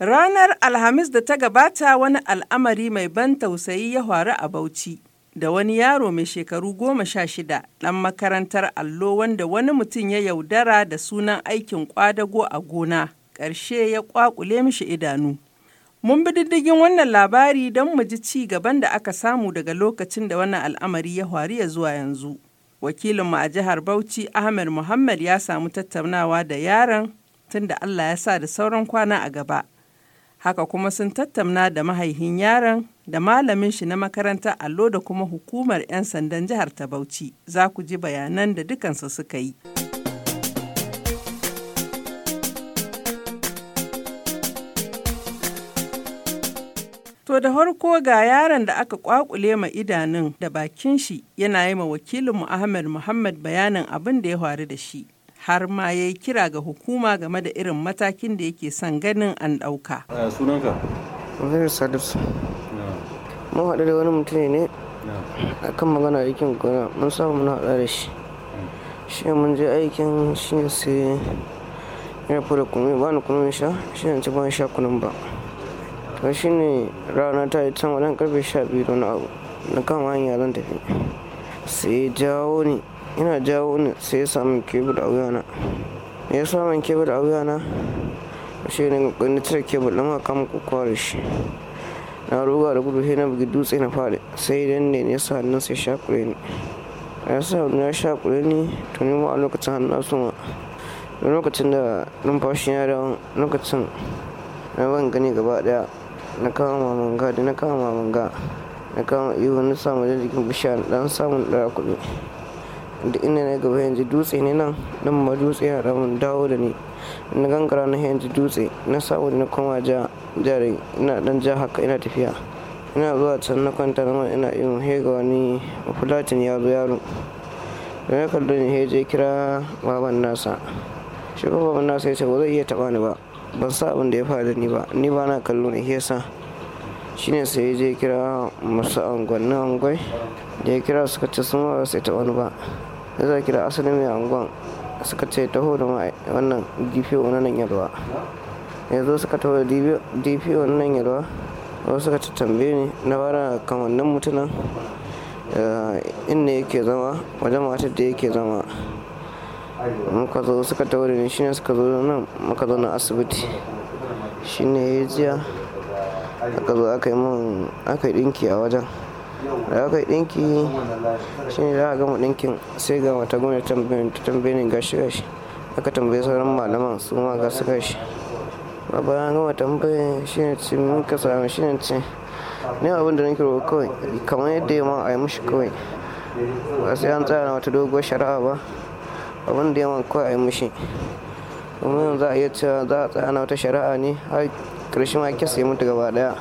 Ranar Alhamis da ta gabata wani al'amari mai ban tausayi ya faru a Bauchi da wani yaro mai shekaru goma sha shida ɗan makarantar allo wanda wani mutum ya yaudara da sunan aikin ƙwadago a gona ƙarshe ya ƙwaƙule mishi idanu. Mun bi diddigin wannan labari don mu ji ci gaban da aka samu daga lokacin da wannan al'amari ya faru ya zuwa yanzu. Wakilinmu a jihar Bauchi Ahmed Muhammad ya samu tattaunawa da yaron tunda Allah ya sa da sauran kwana a gaba. haka kuma sun tattauna da mahaihin yaron da malamin shi na makarantar allo da kuma hukumar 'yan sandan jihar ta bauchi za ku ji bayanan da dukansu suka yi To da harko ga yaron da aka kwakule ma idanun da bakin shi yana yi ma wakilinmu Ahmed Muhammad bayanin abin da ya faru da shi. har ma ya yi kira ga hukuma game da irin matakin da yake son ganin an ɗauka. sunanka? Mun haɗu da wani mutum ne a kan magana aikin gona mun samu mun haɗa da shi. Shi mun je aikin shi ne sai ya fura kuma ba ni kunun sha shi ne ci ban sha kunun ba. To shi ne rana ta yi can wajen karfe sha biyu abu na kama hanya zan tafi. Sai jawo ni ina jawo ne sai ya samun kebul a wuyana ya samun kebul a wuyana shi ne gani cire kebul ɗin haka muku kware shi na ruga da gudu sai na bugi dutse na faɗi sai dan ne ya sa hannun sai shakure ne ya sa hannun ya shakure ne to ni ma a lokacin hannun sun da lokacin da numfashi ya dawo lokacin na ban gani gaba daya na kama mamanga da na kama mamanga na kama ihu na samun da jikin dan samun ɗaya kuɗi da inda na gaba yanzu dutse ne nan nan ma dutse ya ramin dawo da ni na gangara na yanzu dutse na samu na koma ja jare ina dan ja haka ina tafiya ina zuwa can na kwanta na ina yin hega wani mafulatin ya zo yaro da na kallo ne heje kira baban nasa shi ko baban nasa ya ce ba zai iya taba ni ba ban sa abin da ya faru da ni ba ni ba na kallo ne yasa shine sai je kira masu na angon da ya kira suka ci sun ba sai taba ni ba da za kira asalin mai angon suka ce taho da wannan dpo na nan yalwa yanzu suka taho da dpo na nan yalwa wasu suka ci tambaye ni na bara kamannin mutunan eh, inda yake zama wajen matar da yake zama muka zo suka taho da ne shine suka zo nan muka zo na asibiti shine ya jiya aka zo aka yi dinki a wajen da aka yi ɗinki shi ne za a gama ɗinkin sai ga wata gwamnati ta tambayin gashi gashi aka tambayi sauran malaman su ma ga gashi ba bayan gama tambayin shi ne ci mun ka sami shi ne ci ne abin da nake roƙo kawai kamar yadda ya ma a yi mushi kawai ba sai an tsara wata doguwar shari'a ba abin da ya ma kawai a yi mushi kuma yanzu za a iya cewa za a tsara wata shari'a ne har ƙarshen ma kyasa ya mutu gaba ɗaya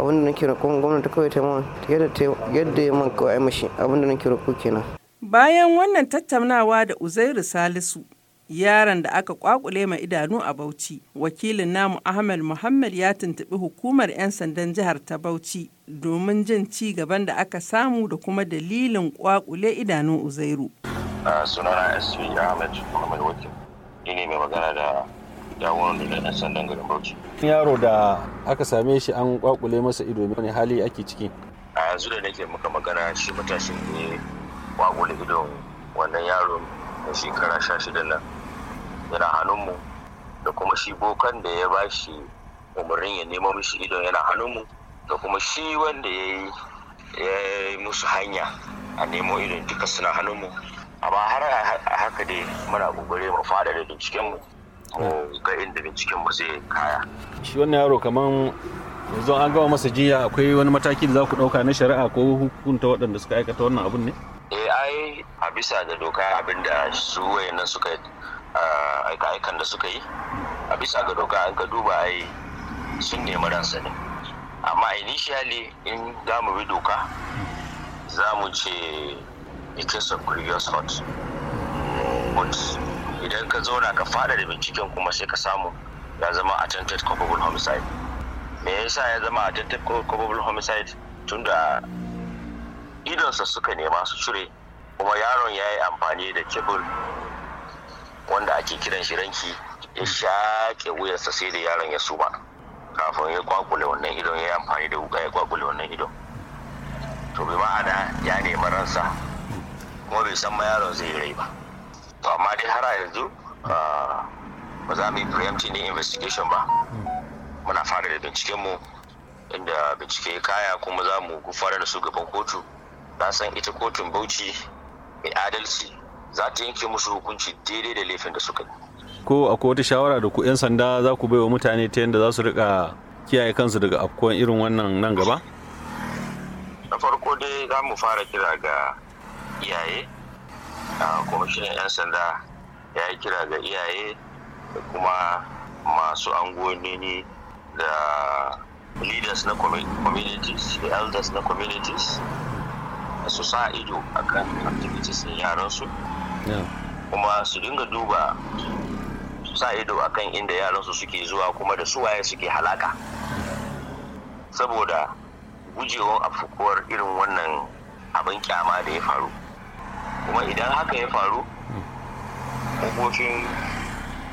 abin da nake roƙon gwamnati kawai ta mun yadda ya mun kawai mashi abin da nake roƙo kenan bayan wannan tattaunawa da Uzairu Salisu yaron da aka kwakule ma idanu a Bauchi. Wakilin namu Ahmed Muhammad ya tuntuɓi hukumar 'yan sandan jihar ta Bauchi domin jin ci gaban da aka samu da kuma dalilin kwakule idanun Uzairu. Ah, sunana SP Ahmed Muhammad Wakil, ni ne mai magana da dawon da san bauchi yaro da aka same shi an kwakule masa ido ne hali ake ciki a yanzu da nake muka magana shi matashin ne kwakule ido wannan yaro na shekara sha shida nan yana hannunmu da kuma shi bokan da ya ba shi umarnin ya nemo mishi ido yana hannunmu da kuma shi wanda ya yi musu hanya a nemo idon duka suna hannunmu amma har haka dai muna kokari mu fada da bincikenmu mu eh. ga inda binciken ba zai kaya shi wannan yaro kaman yanzu an gama masa jiya akwai wani mataki da za ku ɗauka na shari'a ko hukunta waɗanda suka aikata wannan abun ne eh, ai a bisa da doka abinda su wayannan suka ah, aika-aikan da suka yi a bisa ga doka an ka duba ai sun nemi ransa ne amma initially in za mu bi doka za mu ce a case of previous hurt idan ka zauna ka fada da binciken kuma sai ka samu ya zama attempted culpable homicide me yasa ya zama attempted culpable homicide tunda idonsa suka nema su cire kuma yaron ya yi amfani da kebul wanda ake kiran shi ranki ya shaƙe wuyarsa sai da yaron ya suma kafin ya kwakule wannan idon ya yi amfani da wuka ya kwakule wannan idon to bi ma'ana ya nemi ransa kuma bai san ma yaron zai rai ba to amma dai har yanzu ba za mu yi preemptive din investigation ba muna fara da binciken mu inda bincike kaya kuma za mu gufara da su gaban kotu na san ita kotun bauchi mai adalci za ta yanke musu hukunci daidai da laifin da suka yi ko akwai wata shawara da ku 'yan sanda za ku baiwa mutane ta yadda za su rika kiyaye kansu daga afkuwan irin wannan nan gaba na farko dai za mu fara kira ga iyaye kwamishinan 'yan sanda ya yi kira ga iyaye da kuma masu angonini da leaders na communities da elders na communities su sa ido akan activities din yaransu kuma su dinga duba su sa ido akan inda yaransu suke zuwa kuma da suwaye suke halaka saboda gujewan afukuwar irin wannan abin kyama da ya faru kuma idan haka ya faru kofofin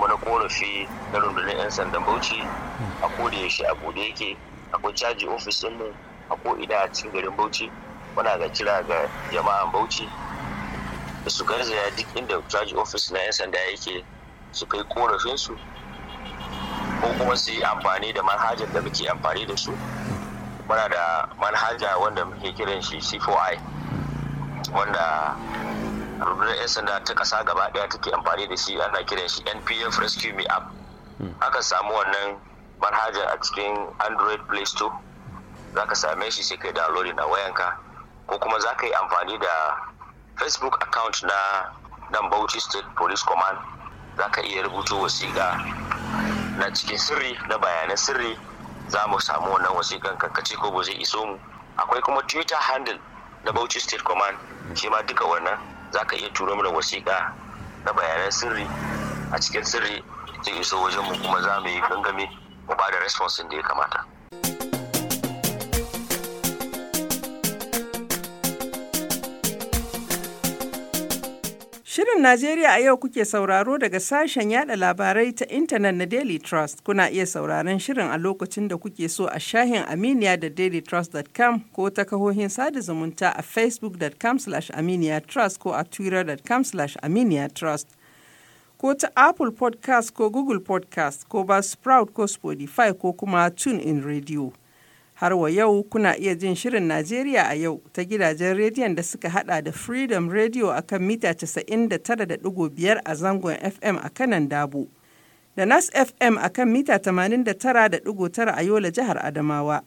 mana korafi na rundunar 'yan sandan bauchi a koda yaushe a bude yake akwai caji ofis mu a ko ina a cikin garin bauchi muna ga kira ga jama'an bauchi da su garzaya duk inda caji ofis na 'yan sanda yake su kai korafinsu ko kuma su yi amfani da manhajar da muke amfani da su muna da manhaja wanda muke kiran shi c4i wanda rundunar 'yan sanda ta kasa gaba ɗaya take amfani da shi ana kiran shi npf rescue me app hmm. aka samu wannan manhaja a cikin android play store za ka same shi sai kai downloading a wayanka ko kuma za ka yi amfani da facebook account na nan bauchi state police command za ka iya rubuta wasiƙa na cikin sirri na bayanan sirri za mu samu wannan wasiƙan kankace ko ba zai iso mu akwai kuma twitter handle na bauchi state command shi ma duka wannan za ka iya turo mana wasiƙa na bayanan sirri a cikin sirri zai iso wajen mu kuma za mu yi gangami mu ba da response da ya kamata. Shirin Najeriya a yau kuke sauraro daga sashen yada labarai ta intanet na Daily Trust. Kuna iya sauraron shirin a lokacin da kuke so a shahin Aminiya da dailytrust.com ko ta kahohin sada zumunta a facebookcom aminiya ko a twittercom aminiya trust ko ta Apple podcast ko Google podcast ko ba Sprout ko Spotify ko kuma TuneIn Radio. Har wa yau kuna iya jin Shirin Najeriya a yau ta gidajen rediyon da suka hada da Freedom Radio a kan mita 99.5 a zangon FM a kanan Dabo, da Nas FM a kan mita 89.9 a Yola jihar Adamawa,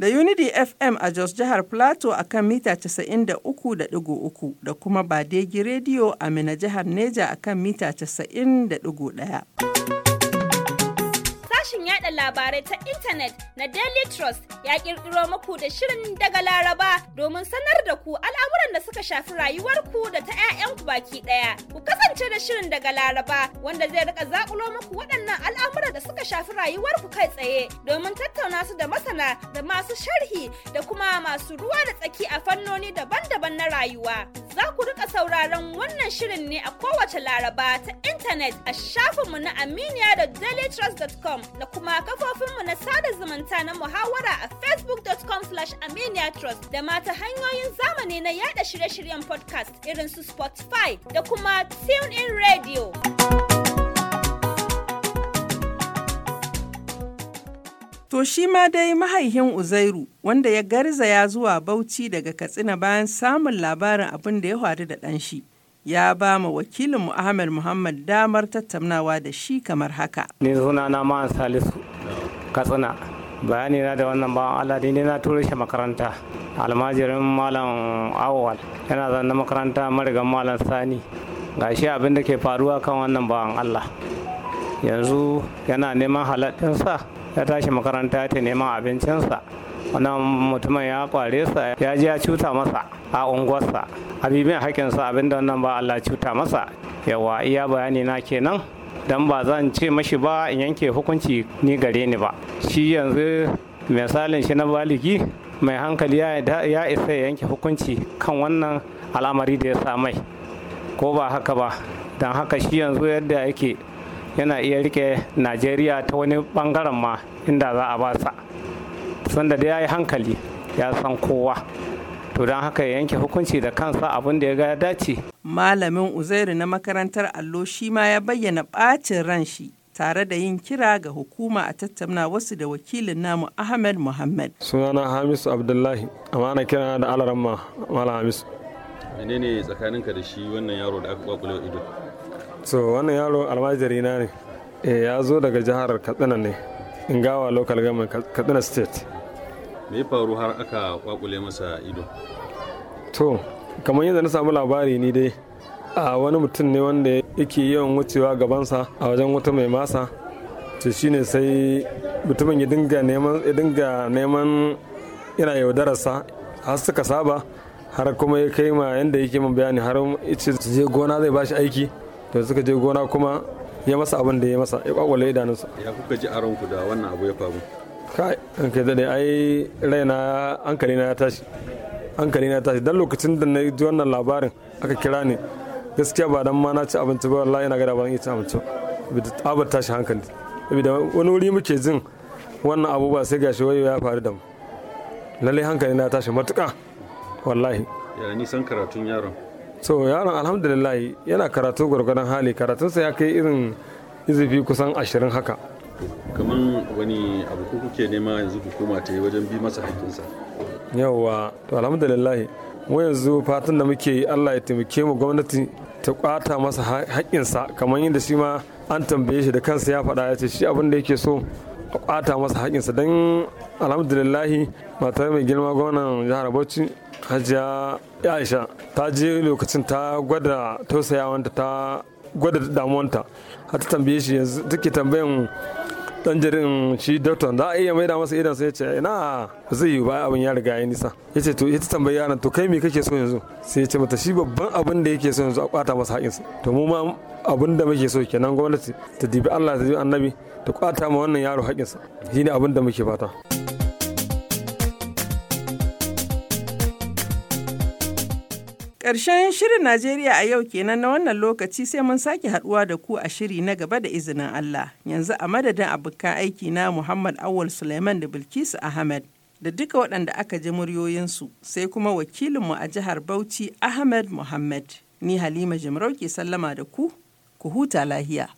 da Unity FM a Jos jihar Plateau a kan mita 93.3 da kuma Badegi Radio a Mina jihar Neja a kan mita 90.1. sashin yada labarai ta intanet na Daily Trust ya kirkiro muku da shirin daga Laraba domin sanar da ku al'amuran da suka shafi rayuwarku da ta 'ya'yanku baki ɗaya. Ku kasance da shirin daga Laraba wanda zai rika zakulo muku waɗannan al'amuran da suka shafi rayuwarku kai tsaye domin tattauna su da masana da masu sharhi da kuma masu ruwa da tsaki a fannoni daban-daban na rayuwa. Za ku rika sauraron wannan shirin ne a kowace Laraba ta intanet a shafinmu na aminiya da dailytrust.com da kuma kafofinmu na sada zumunta na muhawara a facebook.com slash trust da mata hanyoyin zamani na yada shirye-shiryen podcast irin su Spotify da kuma TuneIn Radio. To shi ma dai mahaihin Uzairu wanda ya garza ya zuwa Bauchi daga Katsina bayan samun labarin abin da ya faru da ɗan shi. ya ba ma wakilin Ahmed Muhammad damar tattaunawa da shi kamar haka. Ni sunana Salisu Katsina. bayani na da wannan bawan Allah ne na turo shi makaranta almajirin malam awal yana zanna makaranta marigan malam sani gashi abin da ke faruwa kan wannan bawan Allah yanzu yana neman halattinsa ya tashi makaranta ta neman abincinsa wannan mutumin ya kware sa ya ji ya cuta masa a unguwarsa abin hakinsa abinda wannan ba Allah cuta masa yawa iya bayani na kenan dan ba zan ce mashi ba in yanke hukunci ni gare ni ba shi yanzu misalin shi na baligi mai hankali ya isa ya yanke hukunci kan wannan al'amari da ya sa mai ko ba haka ba don haka shi yanzu yadda yake yana iya rike najeriya ta wani bangaren ma inda za a basa sanda da ya yi hankali ya san kowa to don haka ya yanke hukunci da kansa abin da ya ga ya dace Malamin Uzairu na makarantar allo shi ma ya bayyana ɓacin ran shi tare da yin kira ga hukuma a tattauna wasu da wakilin namu Ahmed Muhammad. Sunana Hamisu Abdullahi, amma na kira da Alaramma Malam Hamisu. Menene tsakaninka da shi wannan yaro da aka kwakwale ido? So wannan yaro almajiri na ne. Eh ya zo daga jihar Katsina ne. Ingawa local government Katsina state. Me ya faru har aka kwakwale masa ido? To, kamar yadda na samu labari ni dai a wani mutum ne wanda yake yawan wucewa gabansa a wajen wata mai masa to shine sai mutumin ya dinga neman ya dinga neman yana yaudararsa har suka saba har kuma ya kai ma yanda yake min bayani har yace su je gona zai bashi aiki to suka je gona kuma ya masa abin da ya masa ya kwakwale idanunsa ya kuka ji aron ku da wannan abu ya faru kai an kai da ai raina hankali na ya tashi hankali na tashi dan lokacin da na ji wannan labarin aka kira ni gaskiya ba dan ma na ci abinci ba wallahi ina ga da ban iya ci abinci ba abar tashi hankali saboda wani wuri muke jin wannan abubuwa sai gashi wayo ya faru da mu lalle hankali na tashi matuƙa wallahi ya nisan karatun yaron so yaron alhamdulillah yana karatu gwargwadon hali karatunsa ya kai irin izifi kusan ashirin haka kamar wani abu kuke nema yanzu hukuma ta yi wajen bi masa haƙƙinsa yawwa to alhamdulillah mu yanzu fatan da muke yi Allah ya taimake mu gwamnati ta kwata masa haƙƙinsa kamar yadda shi ma an tambaye shi da kansa ya faɗa ya ce shi abin da yake so a kwata masa haƙƙinsa don alhamdulillahi matar mai girma gwamnan jihar Bauchi Hajiya Aisha ta je lokacin ta gwada tausayawanta ta gwada damuwanta har ta tambaye shi yanzu take tambayan dan jirin shi doctor za a iya maida masa idan sai ya ce ina zai yi ba abin ya riga ya nisa ya ce to ita tambayi yaran to kai me kake so yanzu sai ya ce mata shi babban abin da yake so yanzu a kwata masa haƙinsa to mu ma abin da muke so kenan gwamnati ta dibi Allah ta dibi annabi ta kwata ma wannan yaro haƙinsa shine abin da muke fata Ƙarshen shirin Najeriya a yau kenan na wannan lokaci sai mun sake haɗuwa da ku a shiri na gaba da izinin Allah. Yanzu a madadin abokan aiki na Muhammad Awal Suleiman da Bilkisu Ahmed da duka waɗanda aka ji muryoyinsu sai kuma wakilinmu a jihar Bauchi Ahmed Muhammad. Ni Halima Jimarau ke sallama da ku, ku huta lahiya.